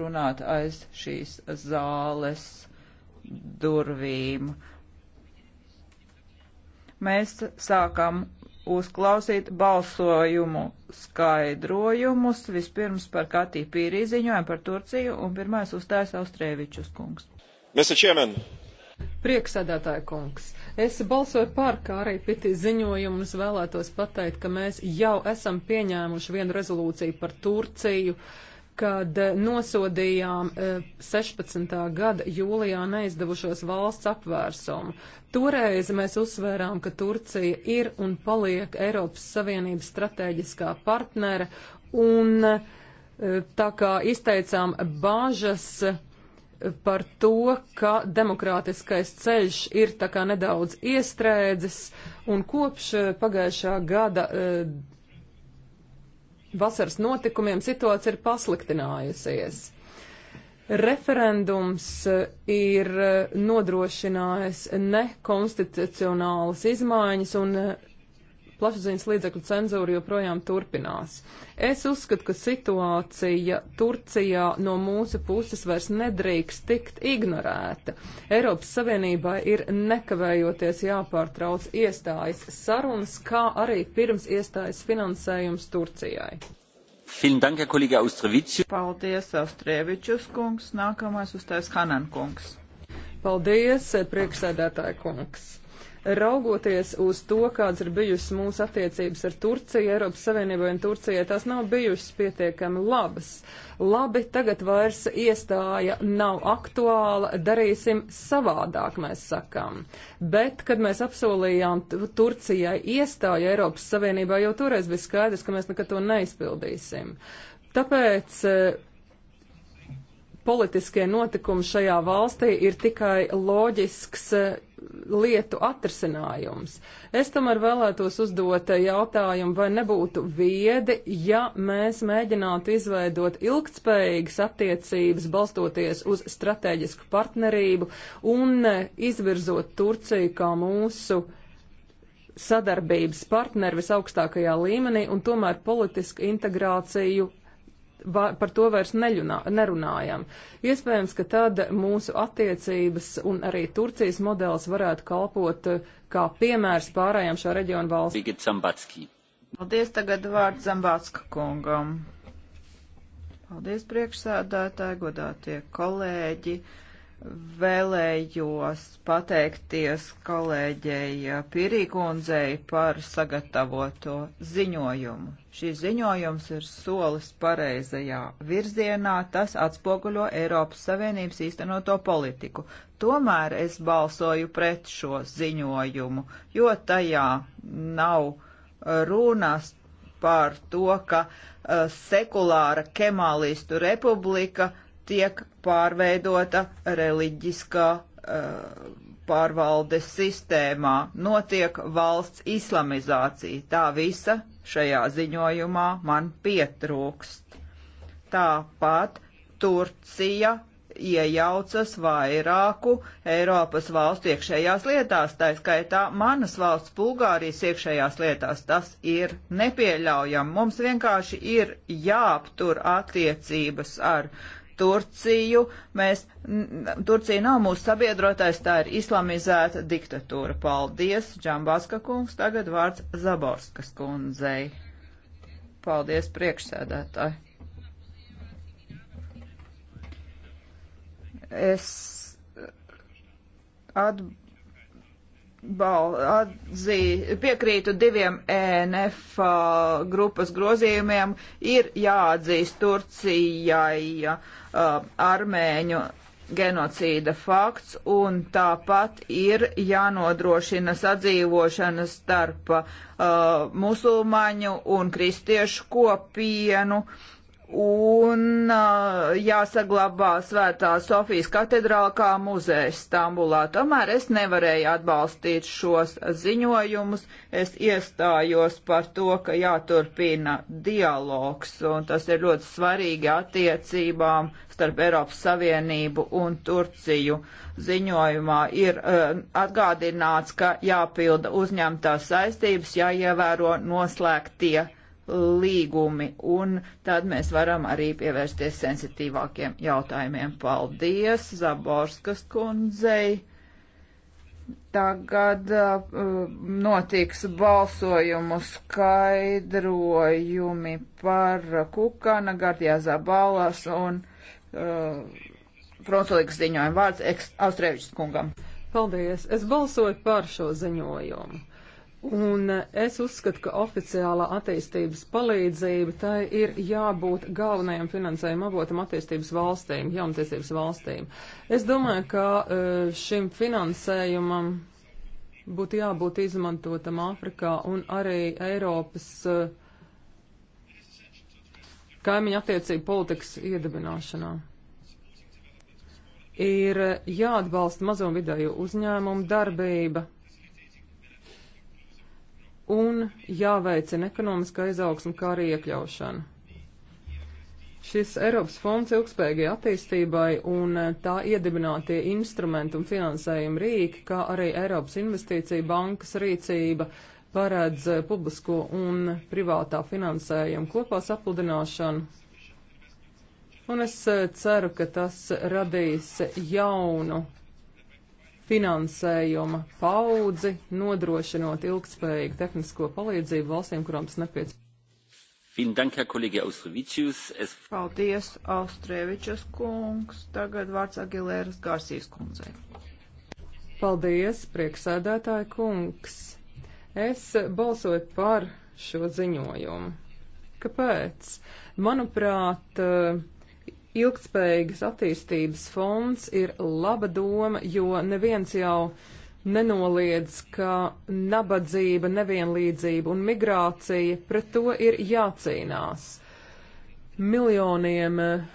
runāt aiz šīs zāles durvīm. Mēs sākam uzklausīt balsojumu skaidrojumus vispirms par Katī Pīrī ziņojumu par Turciju un pirmais uzstājas Austrēvičus kungs. Mr. Chairman. Prieksēdētāja kungs. Es balsoju par Kārī Pitī ziņojumu un vēlētos pateikt, ka mēs jau esam pieņēmuši vienu rezolūciju par Turciju. Uh, kad eh, nosodījām 16. Eh, gada jūlijā neizdevušos valsts apvērsumu. Toreiz mēs uzsvērām, ka Turcija ir un paliek Eiropas Savienības strateģiskā partnere, un eh, tā kā izteicām bāžas par to, ka demokrātiskais ceļš ir tā kā nedaudz iestrēdzis, un kopš pagājušā gada vasaras notikumiem situācija ir pasliktinājusies. Referendums eh, ir eh, nodrošinājis nekonstitucionālas izmaiņas un eh, plašsaziņas līdzekļu cenzūra joprojām turpinās. Es uzskatu, ka situācija Turcijā no mūsu puses vairs nedrīkst tikt ignorēta. Eiropas Savienībai ir nekavējoties jāpārtrauc iestājas sarunas, kā arī pirms iestājas finansējums Turcijai. Paldies, Austrievičus kungs. Nākamais uztais Hanan kungs. Paldies, priekšsēdētāja kungs. Raugoties uz to, kāds ir bijusi mūsu attiecības ar Turciju, Eiropas Savienībai un Turcijai, tās nav bijušas pietiekami labas. Labi, tagad vairs iestāja nav aktuāla, darīsim savādāk, mēs sakām. Bet, kad mēs apsolījām Turcijai iestāju Eiropas Savienībā, jau toreiz bija skaidrs, ka mēs nekad to neizpildīsim. Tāpēc eh, politiskie notikumi šajā valstī ir tikai loģisks eh, lietu atrisinājums. Es tomēr vēlētos uzdot jautājumu, vai nebūtu viedi, ja mēs mēģinātu izveidot ilgtspējīgas attiecības, balstoties uz strateģisku partnerību un izvirzot Turciju kā mūsu sadarbības partneri visaugstākajā līmenī un tomēr politisku integrāciju par to vairs neļunā, nerunājam. Iespējams, ka tad mūsu attiecības un arī Turcijas modelis varētu kalpot eh, kā piemērs pārējām šā reģiona valsts. Paldies tagad vārds Zambātska kungam. Paldies priekšsēdētāji, godātie kolēģi vēlējos pateikties kolēģei Pirīkundzei par sagatavoto ziņojumu. Šis ziņojums ir solis pareizajā virzienā, tas atspoguļo Eiropas Savienības īstenoto politiku. Tomēr es balsoju pret šo ziņojumu, jo tajā nav runas par to, ka uh, sekulāra Kemālistu republika uh, tiek pārveidota reliģiskā uh, pārvaldes sistēmā, notiek valsts islamizācija. Tā visa šajā ziņojumā man pietrūkst. Tāpat Turcija iejaucas vairāku Eiropas valstu iekšējās lietās, tā skaitā manas valsts Bulgārijas iekšējās lietās. Tas ir nepieļaujam. Mums vienkārši ir jāaptur attiecības ar uh, Turciju. Mēs, Turcija nav mūsu sabiedrotais, tā ir islamizēta diktatūra. Paldies, Džambaska kungs, tagad vārds Zaborskas kundzei. Paldies, priekšsēdētāji. Es atbalstu Bal, atzī, piekrītu diviem ENF uh, grupas grozījumiem, ir jāatzīst Turcijai uh, armēņu genocīda fakts un tāpat ir jānodrošina sadzīvošana starp uh, musulmaņu un kristiešu kopienu. Uh, un uh, jāsaglabā Svētā Sofijas katedrāla kā muzejs Stambulā. Tomēr es nevarēju atbalstīt šos ziņojumus. Es iestājos par to, ka jāturpina dialogs, un tas ir ļoti svarīgi attiecībām starp Eiropas Savienību un Turciju. Ziņojumā ir uh, atgādināts, ka jāpilda uzņemtās saistības, jāievēro noslēgtie līgumi, un tad mēs varam arī pievērsties sensitīvākiem jautājumiem. Paldies Zaborskas kundzei! Tagad uh, notiks balsojumu skaidrojumi par Kukana, Gardijā Zabalas un uh, Fronsolīgas ziņojumu vārds Austrievičs kungam. Paldies! Es balsoju par šo ziņojumu. Un eh, es uzskatu, ka oficiālā attīstības palīdzība tai ir jābūt galvenajam finansējuma avotam attīstības valstīm, jaunatiesības valstīm. Es domāju, ka eh, šim finansējumam būtu jābūt izmantotam Āfrikā un arī Eiropas eh, kaimiņu attiecību politikas iedibināšanā ir jāatbalsta mazo un vidējo uzņēmumu darbība, un jāveicina ekonomiskā izaugsme, kā arī iekļaušana. Šis Eiropas fonds ilgspējīgai attīstībai un eh, tā iedibinātie instrumenti un finansējuma rīki, kā arī Eiropas investīcija bankas rīcība, paredz eh, publisko un privātā finansējuma kopā sapludināšanu. Un es eh, ceru, ka tas radīs jaunu finansējuma paudzi, nodrošinot ilgspējīgu tehnisko palīdzību valstīm, kurām tas nepieciešams. Paldies, Austrievičus kungs. Tagad vārds Agilēras Garsīs kundzei. Paldies, prieksēdētāja kungs. Es balsoju par šo ziņojumu. Kāpēc? Manuprāt, uh, ilgspējīgas attīstības fonds ir laba doma, jo neviens jau nenoliedz, ka nabadzība, nevienlīdzība un migrācija pret to ir jācīnās. Miljoniem eh,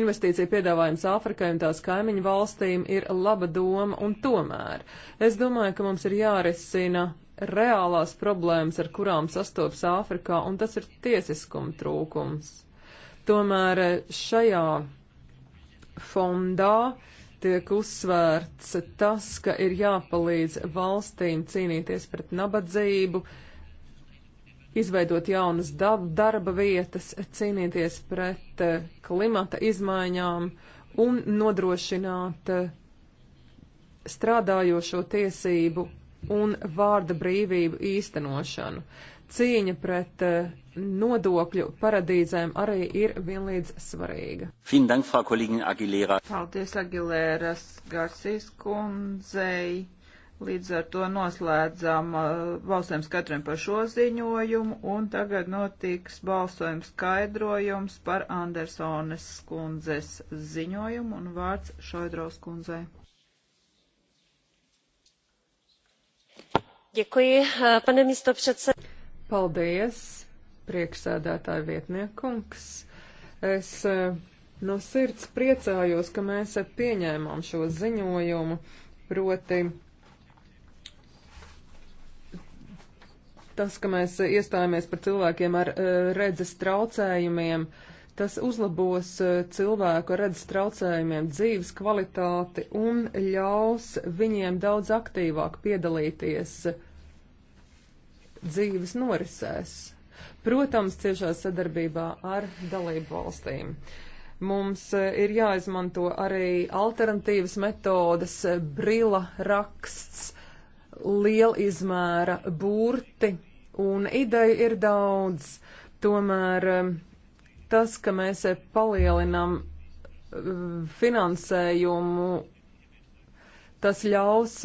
investīcija piedāvājums Āfrikai un tās kaimiņu valstīm ir laba doma, un tomēr es domāju, ka mums ir jārisina reālās problēmas, ar kurām sastopas Āfrikā, un tas ir tiesiskuma trūkums. Tomēr eh, šajā fondā tiek uzsvērts tas, ka ir jāpalīdz valstīm cīnīties pret nabadzību, izveidot jaunas darba vietas, cīnīties pret eh, klimata izmaiņām un nodrošināt eh, strādājošo tiesību un vārda brīvību īstenošanu cīņa pret eh, nodokļu paradīzēm arī ir vienlīdz svarīga. Paldies Agilēras Garcijas kundzei. Līdz ar to noslēdzām eh, balsojums katram par šo ziņojumu, un tagad notiks balsojums skaidrojums par Andersones kundzes ziņojumu, un vārds Šoidraus kundzei. Děkuji, eh, pane místo předsedo. Paldies, priekšsēdētāja vietniekungs. Es eh, no sirds priecājos, ka mēs pieņēmām šo ziņojumu, proti tas, ka mēs iestājāmies par cilvēkiem ar eh, redzes traucējumiem, tas uzlabos eh, cilvēku ar redzes traucējumiem dzīves kvalitāti un ļaus viņiem daudz aktīvāk piedalīties dzīves norisēs. Protams, ciešā sadarbībā ar dalību valstīm. Mums e, ir jāizmanto arī alternatīvas metodas, e, brila raksts, liela izmēra burti, un ideju ir daudz. Tomēr e, tas, ka mēs palielinam finansējumu, tas ļaus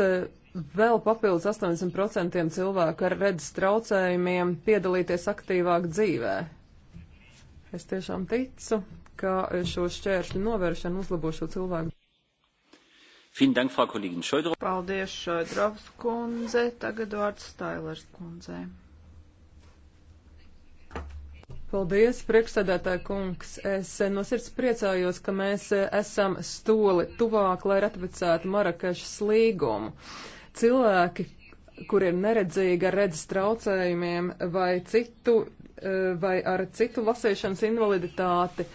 vēl papildus 80% cilvēku ar redzes traucējumiem piedalīties aktīvāk dzīvē. Es tiešām ticu, ka šo šķēršļu novēršana uzlabo šo cilvēku. Paldies, Šoidrovs kundze. Tagad vārds Stailers kundzei. Paldies, priekšsēdētāja kungs. Es no sirds priecājos, ka mēs esam stoli tuvāk, lai ratificētu Marakešas līgumu. Uh, cilvēki, kuriem neredzīga redzes traucējumiem vai, citu, eh, vai ar citu lasīšanas invaliditāti,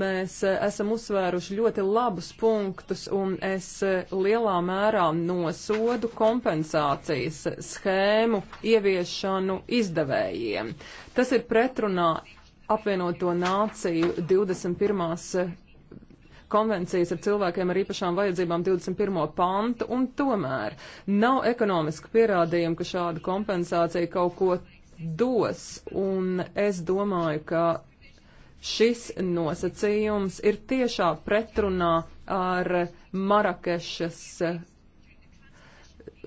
mēs eh, esam uzsvēruši ļoti labus punktus un es eh, lielā mērā nosodu kompensācijas schēmu ieviešanu izdevējiem. Tas ir pretrunā apvienoto nāciju 21 konvencijas ar cilvēkiem ar īpašām vajadzībām 21. pantu, un tomēr nav ekonomiski pierādījumi, ka šāda kompensācija kaut ko dos, un es domāju, ka šis nosacījums ir tiešā pretrunā ar Marakešas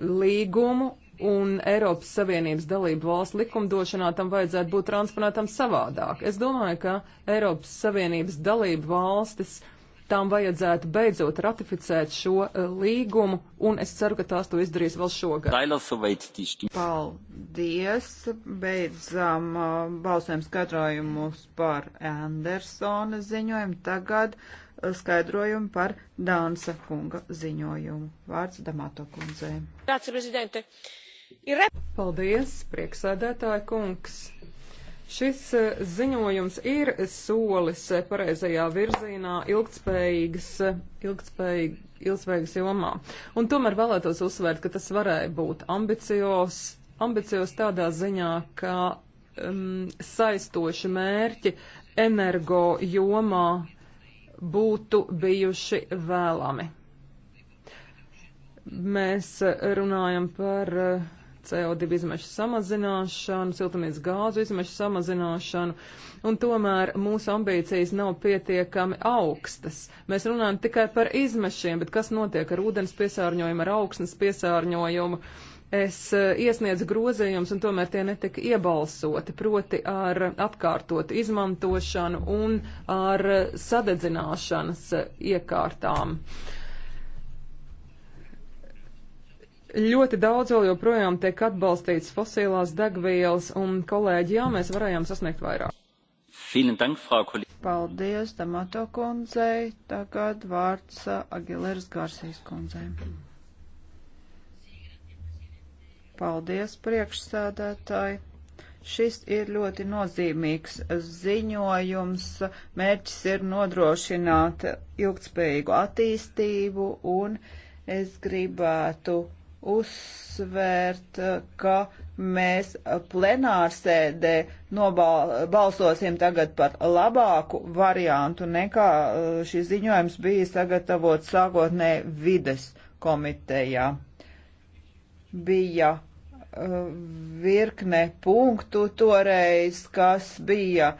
līgumu un Eiropas Savienības dalību valsts likumdošanā tam vajadzētu būt transponētam savādāk. Es domāju, ka Eiropas Savienības dalību valstis uh, tām vajadzētu beidzot ratificēt šo eh, līgumu, un es ceru, ka tās to izdarīs vēl šogad. Paldies! Beidzam eh, balsēm skatrojumus par Andersona ziņojumu. Tagad eh, skaidrojumu par Dānsa kunga ziņojumu. Vārds Damato kundzei. Paldies, prieksēdētāja kungs! Šis e, ziņojums ir solis e, pareizajā virzienā ilgtspējīgas, e, ilgtspējīg, ilgtspējīgas jomā. Un tomēr vēlētos uzsvērt, ka tas varēja būt ambicios, ambicios tādā ziņā, ka um, saistoši mērķi energo jomā būtu bijuši vēlami. Mēs runājam par uh, CO2 izmešu samazināšanu, siltumnīcas gāzu izmešu samazināšanu, un tomēr mūsu ambīcijas nav pietiekami augstas. Mēs runājam tikai par izmešiem, bet kas notiek ar ūdens piesārņojumu, ar augsnes piesārņojumu? Es eh, iesniedzu grozījumus, un tomēr tie netika iebalsoti, proti ar atkārtotu izmantošanu un ar eh, sadedzināšanas eh, iekārtām. Uh, Ļoti daudz vēl joprojām tiek atbalstīts fosilās degvielas, un, kolēģi, jā, mēs varējām sasniegt vairāk. Paldies, Damato kundzei. Tagad vārds uh, Agileras Garsijas kundzei. Paldies, priekšsēdētāji. Šis ir ļoti nozīmīgs ziņojums. Mērķis ir nodrošināt ilgtspējīgu attīstību, un es gribētu uzsvērt, ka mēs plenārsēdē nobalsosim tagad par labāku variantu nekā eh, šis ziņojums bija sagatavots sākotnē vides komitejā. Bija eh, virkne punktu toreiz, kas bija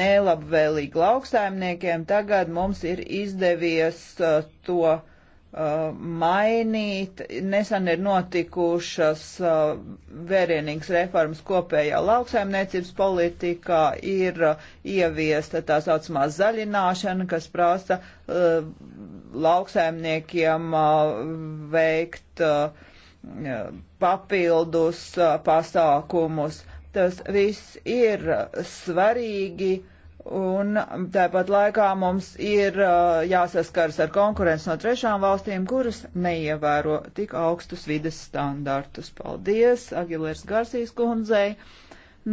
nelabvēlīgi lauksaimniekiem, tagad mums ir izdevies eh, to mainīt. Nesen ir notikušas uh, vērienīgas reformas kopējā lauksaimniecības politikā, ir uh, ieviesta tā saucamā zaļināšana, kas prasa uh, lauksaimniekiem veikt papildus pasākumus. Tas viss ir svarīgi Un tāpat laikā mums ir uh, jāsaskars ar konkurenci no trešām valstīm, kuras neievēro tik augstus vides standartus. Paldies, Agilērs Garsīs kundzei.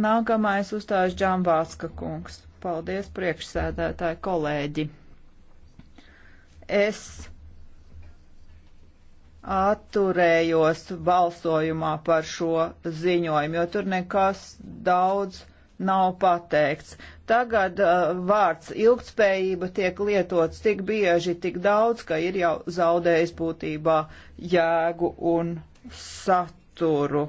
Nākamais uzstājas Džambāska kungs. Paldies, priekšsēdētāji kolēģi. Es atturējos balsojumā par šo ziņojumu, jo tur nekas daudz nav pateikts. Tagad uh, vārds ilgtspējība tiek lietots tik bieži, tik daudz, ka ir jau zaudējis būtībā jēgu un saturu.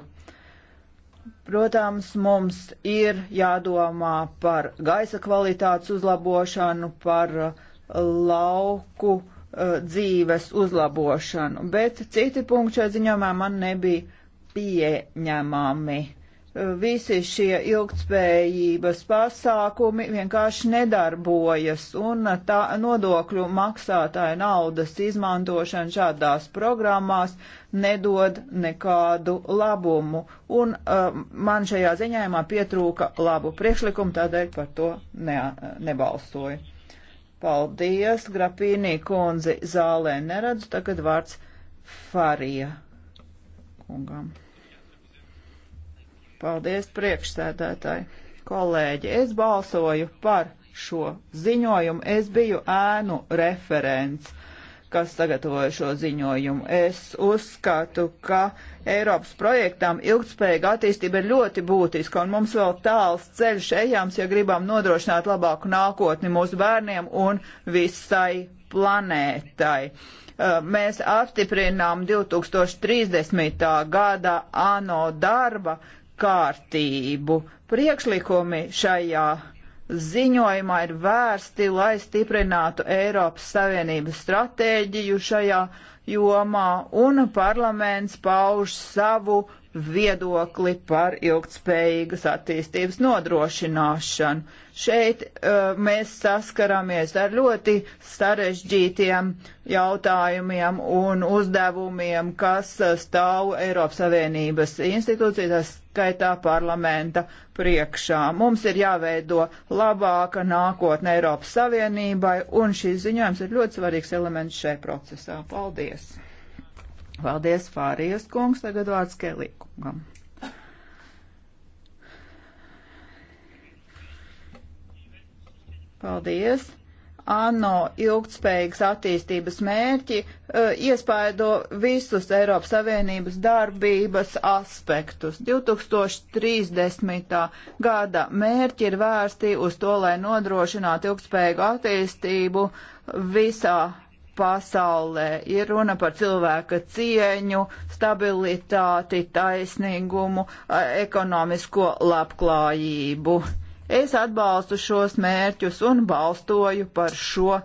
Protams, mums ir jādomā par gaisa kvalitātes uzlabošanu, par uh, lauku uh, dzīves uzlabošanu, bet citi punkti šajā ziņojumā man nebija pieņemami visi šie ilgtspējības pasākumi vienkārši nedarbojas, un tā nodokļu maksātāja naudas izmantošana šādās programmās nedod nekādu labumu. Un um, man šajā ziņājumā pietrūka labu priekšlikumu, tādēļ par to ne, nebalsoju. Paldies, Grapīnī kundzi zālē neredzu, tagad vārds Farija kungam. Paldies, priekšsēdētāji. Kolēģi, es balsoju par šo ziņojumu. Es biju ēnu referents kas sagatavoja šo ziņojumu. Es uzskatu, ka Eiropas projektām ilgspējīga attīstība ir ļoti būtiska, un mums vēl tāls ceļš ejams, ja gribam nodrošināt labāku nākotni mūsu bērniem un visai planētai. Uh, mēs apstiprinām 2030. gada ANO darba kārtību. Priekšlikumi šajā ziņojumā ir vērsti, lai stiprinātu Eiropas Savienības stratēģiju šajā jomā, un parlaments pauž savu viedokli par ilgtspējīgas attīstības nodrošināšanu. Šeit uh, mēs saskaramies ar ļoti sarežģītiem jautājumiem un uzdevumiem, kas uh, stāv Eiropas Savienības institūcijas, skaitā parlamenta priekšā. Mums ir jāveido labāka nākotne Eiropas Savienībai, un šis ziņojums ir ļoti svarīgs elements šajā procesā. Paldies! Paldies, Fārijas kungs, tagad vārds Kelīkungam. Paldies! ANO ilgtspējīgas attīstības mērķi e, iespaido visus Eiropas Savienības darbības aspektus. 2030. gada mērķi ir vērsti uz to, lai nodrošinātu ilgtspējīgu attīstību visā pasaulē. Ir runa par cilvēka cieņu, stabilitāti, taisnīgumu, ekonomisko labklājību. Es atbalstu šos mērķus un balstoju par šo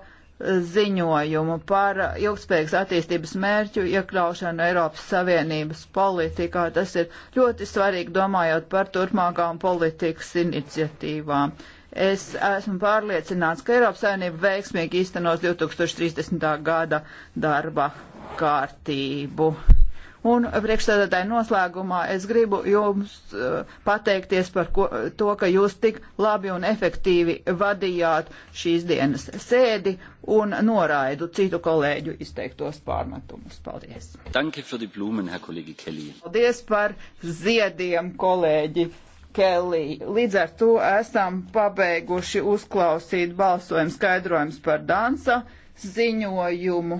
ziņojumu par ilgspējīgas attīstības mērķu iekļaušanu Eiropas Savienības politikā. Tas ir ļoti svarīgi domājot par turpmākām politikas iniciatīvām. Es esmu pārliecināts, ka Eiropas Savienība veiksmīgi īstenos 2030. gada darba kārtību. Un priekšstādātāji noslēgumā es gribu jums eh, pateikties par ko, to, ka jūs tik labi un efektīvi vadījāt šīs dienas sēdi un noraidu citu kolēģu izteiktos pārmetumus. Paldies. Danke für die Blumen, Herr Kollege Kelly. Paldies par ziediem, kolēģi. Kelly. Līdz ar to esam pabeiguši uzklausīt balsojumu skaidrojums par dansa ziņojumu.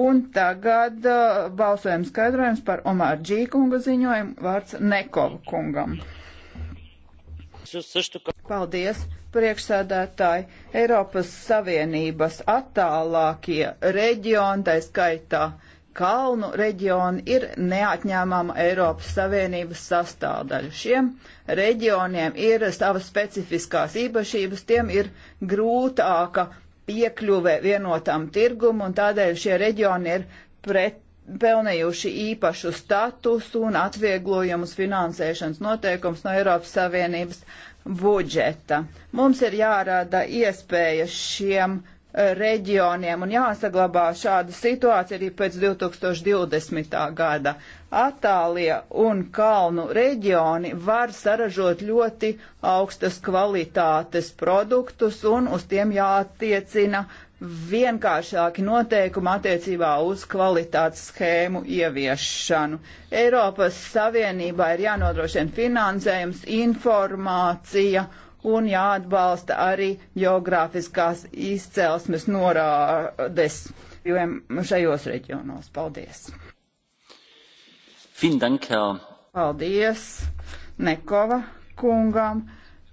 Un tagad uh, balsojums skaidrojums par Omar Džī kunga ziņojumu vārds Nekov kungam. Paldies, priekšsēdētāji. Eiropas Savienības attālākie reģioni, tā skaitā kalnu reģioni ir neatņēmama Eiropas Savienības sastāvdaļa. Šiem reģioniem ir savas specifiskās īpašības, tiem ir grūtāka piekļuve vienotam tirgumu, un tādēļ šie reģioni ir pret, pelnījuši īpašu statusu un atvieglojumus finansēšanas noteikums no Eiropas Savienības budžeta. Mums ir jārada iespējas šiem reģioniem reģioniem un jāsaglabā šāda situācija arī pēc 2020. gada. Atālie un kalnu reģioni var saražot ļoti augstas kvalitātes produktus un uz tiem jātiecina vienkāršāki noteikumi attiecībā uz kvalitātes schēmu ieviešanu. Eiropas Savienībā ir jānodrošina finansējums, informācija un jāatbalsta arī geogrāfiskās izcelsmes norādes šajos reģionos. Paldies! Dank, Paldies Nekova kungam!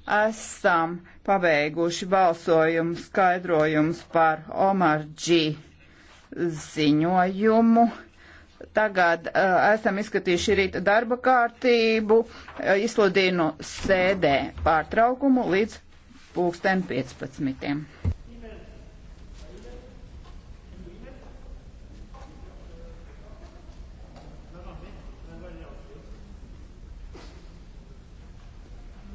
Esam pabeiguši balsojumu skaidrojums par Omar G ziņojumu. Tagad uh, esam izskatījuši rīta darba kārtību, uh, izsludinu sēdē pārtraukumu līdz pulksten 15.